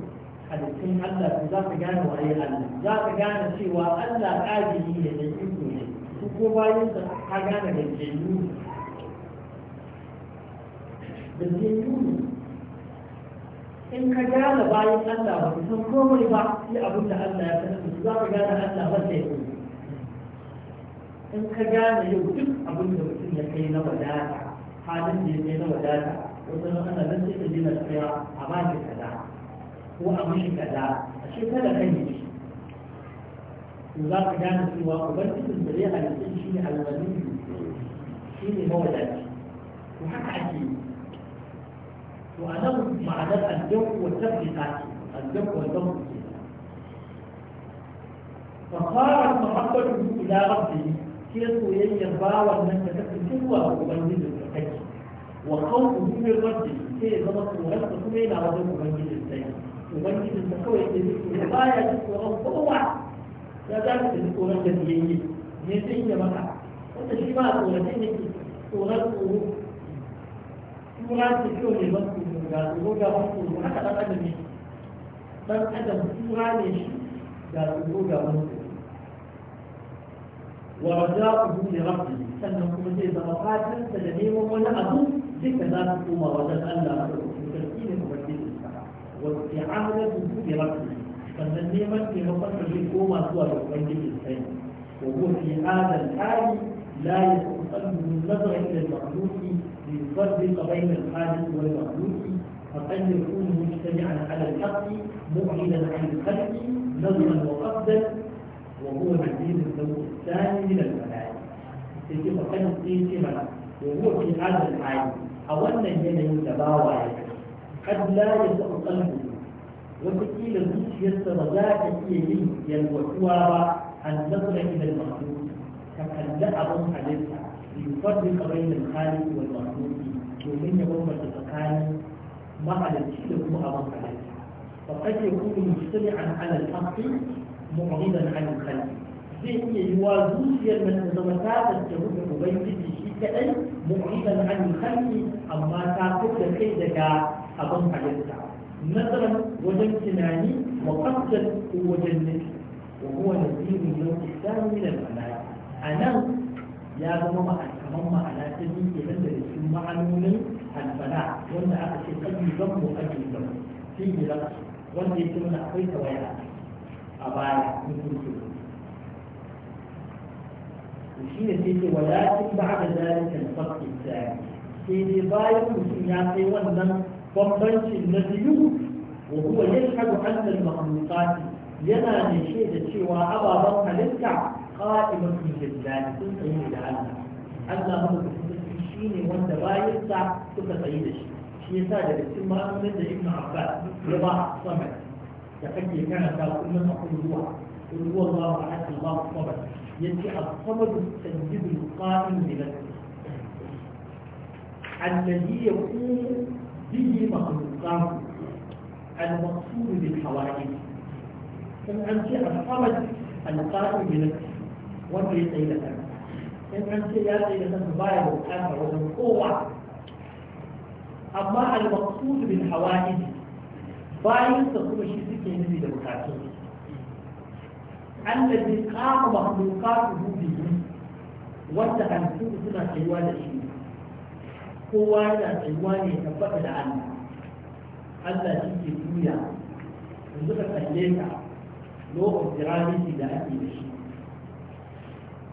halittun Allah ku za ka gane waye Allah za ka gane cewa Allah ƙadiri ne da iko ne su ko bayan da ka gane da ke jeyu da ke jeyu in ka gane bayan Allah ba ku san komai ba sai abin da Allah ya sanar da su za ka gane Allah ba sai in ka gane yau duk abin da mutum ya kai na wadata halin da ya kai na wadata wasu nan ana nan sai ka ji na tsaya a ba shi kaza ko a mishi kaza a shekara kan yi shi to za ka gane cewa ubangijin da ya halitta shi ne alwani shi ne mawadaci to haka ake yi to a nan ma'anar aljau wa tabbata ce aljau wa tabbata ce فصارت محبته إلى ربه sai soyayyar bawan nan da take zuwa ga ubangiji da take wa khawfu min rabbi sai ya zama tsoron ka kuma yana wajen ubangiji sai ubangiji da kawai ke zuwa ya baya ji tsoron kowa ya za ka ji tsoron da biyayye ne sai ya maka wanda shi ba tsoron ne ke tsoron tsoro tura ce kyau ne ban tsoro ga tsoro ga haka ɗan adam ne ɗan adam tura ne shi ga tsoro ga ورجاؤه لربه أنكم في طبقات تجنيهم ولا أظن ذلك ذاتكم ورجاء أن لا أدركم وتعهدكم في ربه فالنعمة في مصر تجنيكم أسوأ وإن جبت وهو في هذا الحال لا يتقلب من نظر إلى المخلوق ليفرق بين الحال والمخلوق فقد يكون مجتمعا على الحق معلنا عن الخلق نظرا وقصدا وهو حديث الزوج الثاني من الملائكة في ki في kan وهو في هذا العالم أولا ينهي يتباوى قد لا يسأل قلبه وتقيل يسر ذاك إليه يلوحوها أن تصل إلى المخلوق لا أظن عليك ليفرق بين الخالق والمخلوق ومن يوم ما مع الشيء أظن عليك فقد يكون مجتمعا على الحق mu'ridan an khalq zai iya yiwa zuciyar nan ta zama ta tattaru da ubangiji shi kaɗai mu'ridan an khalqi amma ta da kai daga abin halitta nasarar wajen tunani wa qasdan wajen nufi wa huwa nazirun lahu ihsanu da al a nan ya zama ma'aikaman ma'ana ta biyu ke nan da cikin ma'anonin alfana wanda aka ce kan yi zan mu ake zan fi yi zan wanda ya ce mana akwai tawaya a baya shi ne sai ce walakin ba da zalikan fakin sai sai dai bayan mutum ya kai wannan bambancin na biyu wa huwa yashhadu anna al-makhluqat yana da shaida cewa ababen halitta qa'imatun billahi sun tsaye da Allah Allah mutum shi ne wanda bayansa suka tsaye da shi shi yasa daga cikin ma'amalin da Ibn Abbas ya ba sama تأتي كان ذلك إلا تقول هو هو الله أحد الله الصبر يأتي الصبر التجديد القائم بنفسه الذي يقوم به مخلوقات المقصود بالحوائج ثم أنتي الصبر القائم بنفسه وفي سيدة ثم أنتي يا سيدة الباير والحافة والقوة أما المقصود بالحوائج bayansa kuma shi suke nufi da bukatun allazi qama mahdukatuhu bihi wanda halittu suna tsayuwa da shi kowa yana tsayuwa ne ta tabbata da Allah Allah shi ke juya yanzu ka kalle ka lokacin tiramiti da ake da shi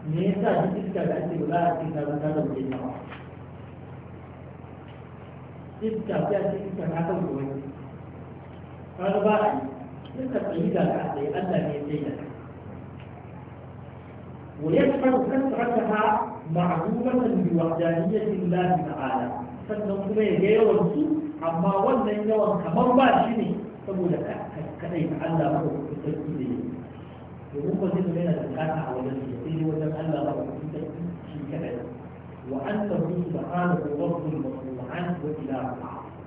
me yasa duk iska da ake ba a cikin kaza ta zama ke yawa iska ta ce iska ta kan wani قال باقي ليس تقييد العقل ان لم يزينك كثرتها معلومه بوحدانيه الله تعالى فانه كما يجيرونه اما ولن يوم كما هو باشني فقول كذلك الله هو بتركيزه يقول قصيد بين الزكاة حوالي يقول وجب أن لا ربك في كذا وأنت في سبحانه رب المصروعان وإله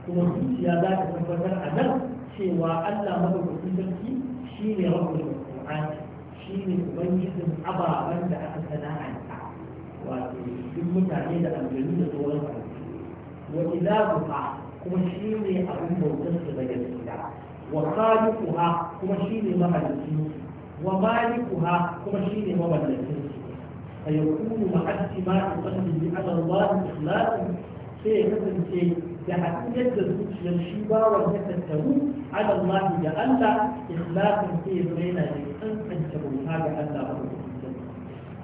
ثم في سيادات المصروعان أدب cewa Allah madaukakin sarki shi ne rabbul qur'ani shi ne ubangijin ababen da aka sana'anta wato duk mutane da aljanu da sauran su wa ilahuha kuma shi ne abin bautar su daga gaskiya wa khaliquha kuma shi ne mahalicin wa malikuha kuma shi ne mawallafin su فيكون مع اتباع قلبه على الله اخلاصا sai ya kasance da haƙiƙar da zuciyar shi bawan ya tattaru ala Allah da Allah ikhlasin sai zama yana da tsantsanta bauta ga Allah ba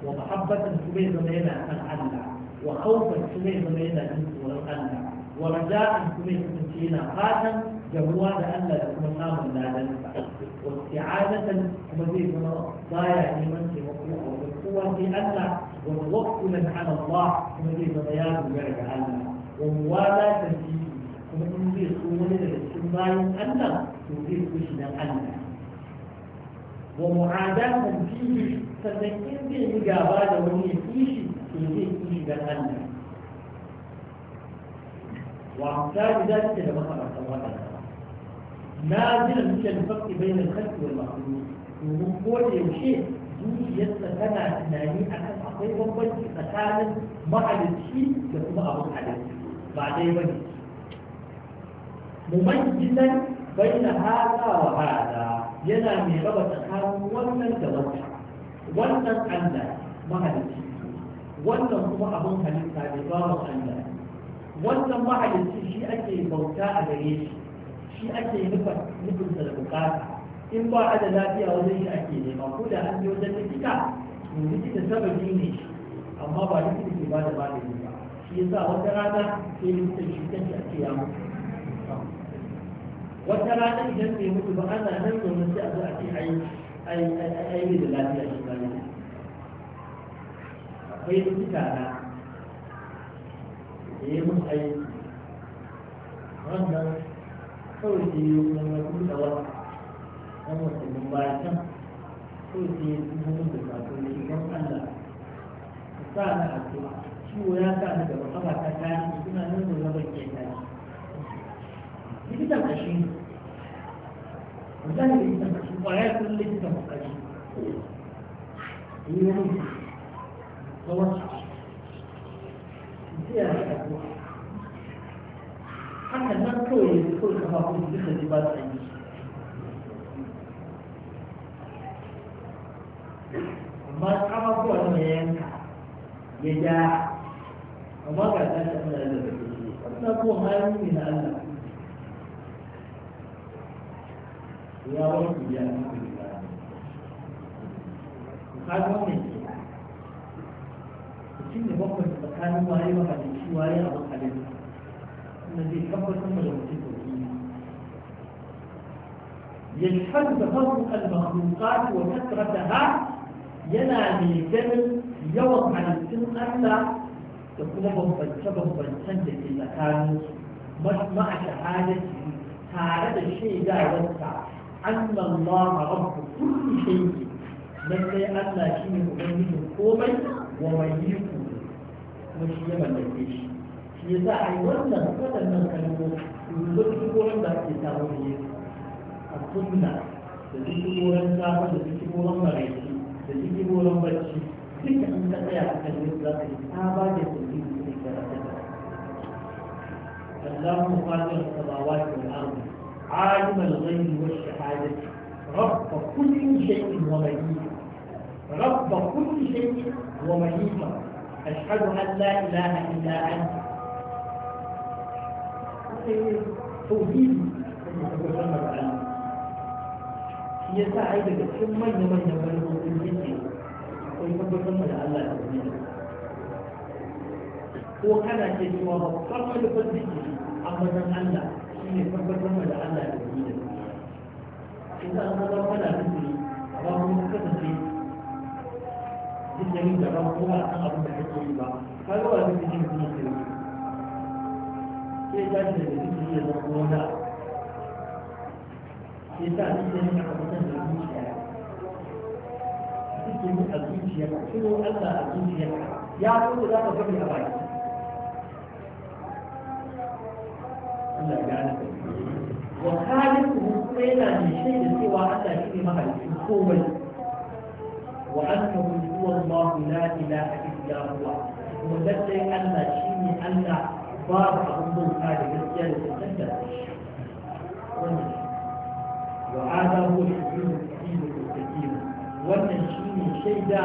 wa mahabbatan su bai zama yana kan Allah wa khawfan su bai zama yana jin tsoron Allah wa raja'an su bai kasance yana fatan gamuwa da Allah da kuma samun ladansa wa isti'adatan kuma zai zama baya neman taimako a wajen kowa sai Allah wa tawakkula ala Allah kuma zai zama ya dogara ga Allah وهو لا تنسيه kuma in zai so wani daga cikin bayan Allah to zai so shi dan Allah wa mu'adatan fihi sannan in zai yi gaba da wani ya kishi to zai kishi dan Allah wa amsali za ta da makamantan waɗanda nazilan muke da fakki bai da kalki wal makhluq domin ko da yaushe zuciyarsa tana tunani akan akwai bambanci tsakanin mahalicci da kuma abin halitta ba dai ba ne mumanjinan bai na haɗa wa haza yana mai raba tsakanin wannan da wannan wannan allah mahalicci wannan kuma abin halitta ne ba mu allah wannan mahalicci shi ake bauta a gare shi shi ake nufinsa da bukata in ba a da lafiya wajen shi ake nema ko da an yi wajen likita to likita sababi ne amma ba likita ke ba da magani ba shi yasa wata rana sai likita shi kanshi a ce ya wata rana idan bai mutu ba ana nan domin sai a zo a ce ai ai da lafiya shi ba ne akwai likita na da ya mutu aiki wannan kawai sai yi wani wani da wani ɗan wasannin bayan can kawai sai yi wani da sakon shi don Allah sa na addu'a ciwo ya sa ni gaba ta ta ta suna nan da zaman ke ta likitan kashi wajen likitan kashi kwaya sun likitan kashi yi wani ta haka nan kawai kawai kafa kuma duka ji ba ta yi amma kama yanka ya ja amma ga ta ta muna da ta ko hali ne na Allah ya wani ya ka ga ne mutum da bakwai tsakanin waye wa hadisi waye a bakalin na zai tabbatar da mutum da يشهد تفرق المخلوقات وكثرتها ينامي جمل يوم عن السن ألا da kuma bambance-bambancen da ke tsakanin ma a tare da shaida shaidawarsa annan ma a rabu kulli shaiki na sai Allah shi ne ubangijin komai wa mai yi kuma shi ya mallake shi shi ya za a yi wannan waɗannan kalmomi duk koran da ake samu da yi a kunna, da duk koran safa da duk koran maraiki da duk koran bacci duka an ka tsaya a kan yadda za ka yi ta ba da اللهم فاطر السماوات والارض عالم الغيب والشهاده رب كل شيء ومليكه رب كل شيء ومليكه اشهد ان لا اله الا انت توحيد shi ya sa ai daga cikin manya manyan manufofin yake akwai tabbatar da Allah da wani ko kana ce cewa babban manufar zikiri ambatan Allah shi ne tabbatar da Allah ya yi da in ka zama zama da nufi amma kuma ka kasance duk da yin gaba ko ba san abin da kake yi ba ka ga wani nufi ne kuma ke yi sai ya tashi da nufi ya zama kuma da sai sa nufi ne ka kusan da zuciya suke yi a zuciya ko Allah a zuciya ya zo da za ka faɗi a baki Allah ya gane wa khaliquhu kuma yana mai shaida cewa Allah shi ne mahalicin komai wa annahu huwa Allah la ilaha illa huwa kuma lallai Allah shi ne Allah babu abin bauta da gaskiya da tantance shi wannan وهذا هو الحكيم الحكيم المستقيم والتنشين شيدا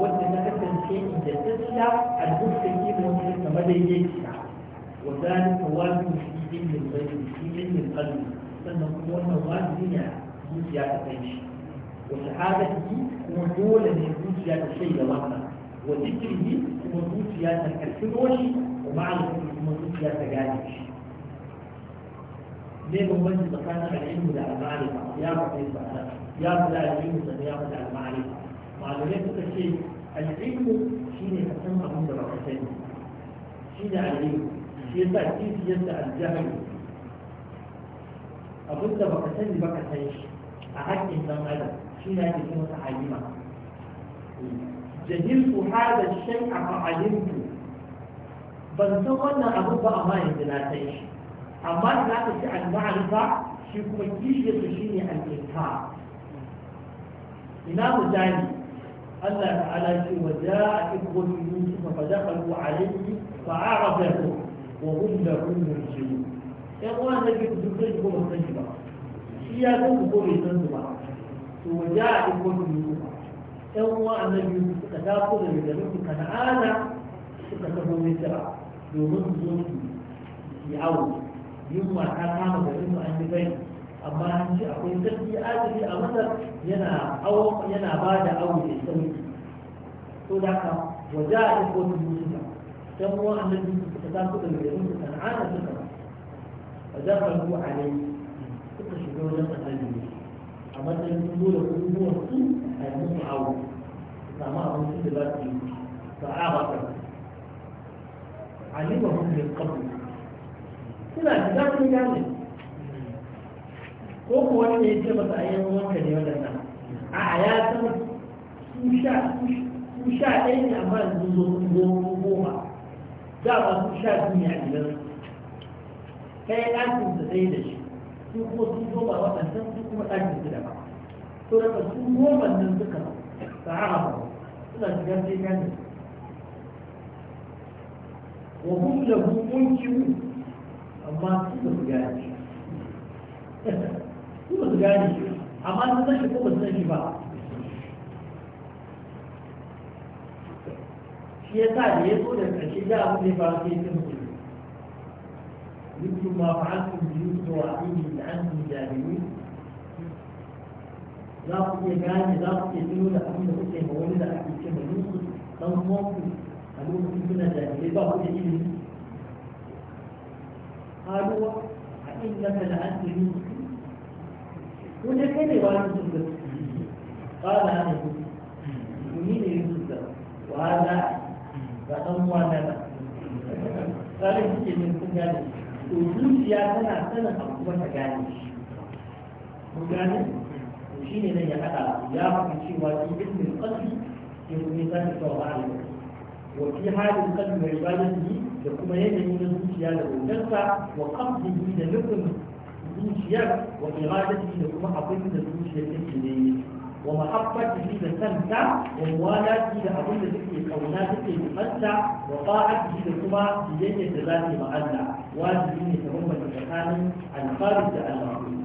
والتنكتن شيء جسدنا المستقيم ومن المدى يجيشنا وذلك واجب في في في في علم القلب والسعادة 心灵的一心灵的恩，那么我们万里呢，不需要的东西，我是他的心，我做了你不需要的事的完了，我的心灵，我们不需要的很多东西，我买了，我们不需要的干净。ليه ممكن تتكلم عن العلم ده المعرفة؟ يا بطيس يا بلا العلم ده يا بلا المعرفة. معلومات كثير العلم شيني تسمى من دراستين. شيني العلم؟ يعني في تأكيد جزء الجهل أبدا بكتن بكتش أحد إن لم أدى في هذه الأمور عالمة جهلت هذا الشيء فعلمت بنتظن أبدا أمان بلا تيش أما لا تشيء المعرفة في كيف يتشيني الإنكار إمام الثاني الله تعالى وجاء إخوة يوسف فدخلوا عليه فأعرفهم وهم لهم مرجعون yan uwa na ke duk sai ko ban sani ba shi ya san ko bai san su ba to waja a ko yi ba yan uwa annabi suka tafi da garin su kana'ana suka taho tara domin su zo su yi awo yunwa ta kama garin su an yi bai amma an ce akwai sarki adali a masar yana awo yana ba da awo da sauki to da ka waja a ko su ba yan uwa annabi تاخذ اليهود صنعاء فكرة فدخلوا عليه suka shiga wajen annabi a matsayin sun zo da abubuwan su a yi musu awo samu abincin da za su yi ba a ba ta alima hun da kabu suna shiga sun gane ko kuwa wani ne ya wanka a ya sha dama su sha duniya a gidan kai ɗakin su sai da shi su kuma su zo ba waɗannan su kuma ɗakin su da ba to daga su goma nan suka sahara ba suna shigar sai gani wa hum lahu munkiru amma su ba su gane shi su ba su gane shi amma sun san shi ko ba su san shi ba shi ya sa da ya zo da ƙarshe za a wuce ba sai ta mutum ma fa hankali biyu ko a ɗini da an yi za ku iya gane za ku iya tuno da abin da kuke ma wani da ake ce yusuf ɗan uwanku a lokacin kuna jami'ai ba ku da ilimi قالوا إنك ba, يوسف وذكر والد قال أنا يوسف ومين يوسف وهذا ga ɗan wana na tsarin suke min sun gane to zuciya tana sana abu kuma ta gane shi mun gane to shi ne nan ya haɗa ya faɗi cewa fi ilmin ƙasri ke kuma za ta kawo ba wa fi halin ƙasri mai ibadati da kuma yanayi na zuciya da bautarsa wa ƙasri da nufin zuciyar wa iradati da kuma abin da zuciyar take ne ومحبته لسنتا وموالاته لأبن ذكر كوناته لمنتا وطاعته لكما بيجة ذاته مع الله واجبين يتهم المكان الخارج عن المعروف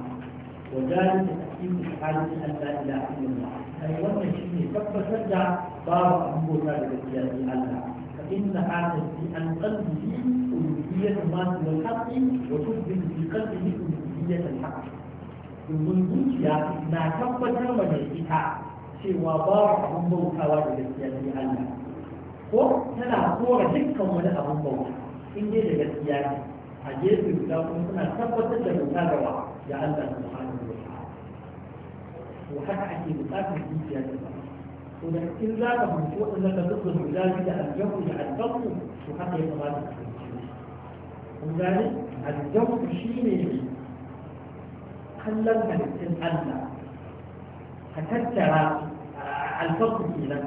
وذلك تحكيم الحالة أن لا إله إلا الله أي ومن شيء تبت باب أبوك لبيان الله فإن هذا عن قلبه ألوهية ما سوى الحق وتبذل في قلبه ألوهية الحق domin zuciya na tabbatar ma ita cewa babu abin bautawa da gaskiya sai Allah ko tana kora dukkan wani abin bauta in dai da gaskiya ne a gefe guda kuma suna tabbatar da bauta da ya Allah subhanahu wa Wata to haka ake bukatar zuciya ta to da in za ka mutu waɗanda ka zuba guda biyu da aljabu da aljabu to haka ya kamata ka fahimci kun gane aljabu shine ne kallon halittun Allah ka tattara alfarku kenan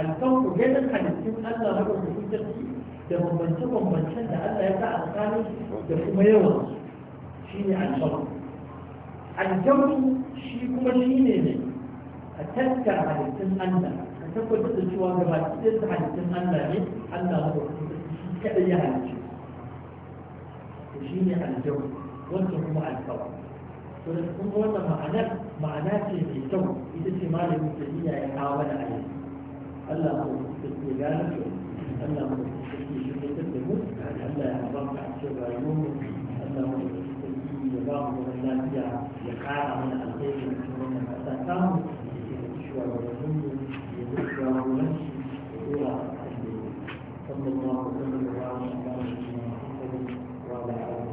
alfarku ganin halittun Allah na gwamnati sarki da bambance-bambancen da Allah ya sa a tsakanin da kuma yawan shi ne alfarku aljamu shi kuma shi ne ne a tattara halittun Allah ka tabbatar da cewa gaba ɗaya halittun Allah ne Allah na gwamnati sarki shi kaɗai ya halicci shi ne aljamu wancan kuma alfarku kun ga wannan ma'anar ma'ana ce mai kyau ita ce malamin tafiya ya kawo mana a yau Allah ko ta ke gane su Allah ko ta ke shirya da mu Allah ya ba mu a cikin rayuwar mu Allah ko ta ke ya ba mu wani lafiya ya kara mana alheri a cikin wannan kasa samu ya ke da shugabannin mu ya ke da shugabannin ya dora a cikin sallallahu alaihi wa sallam wa ala alihi wa sahbihi wa ala alihi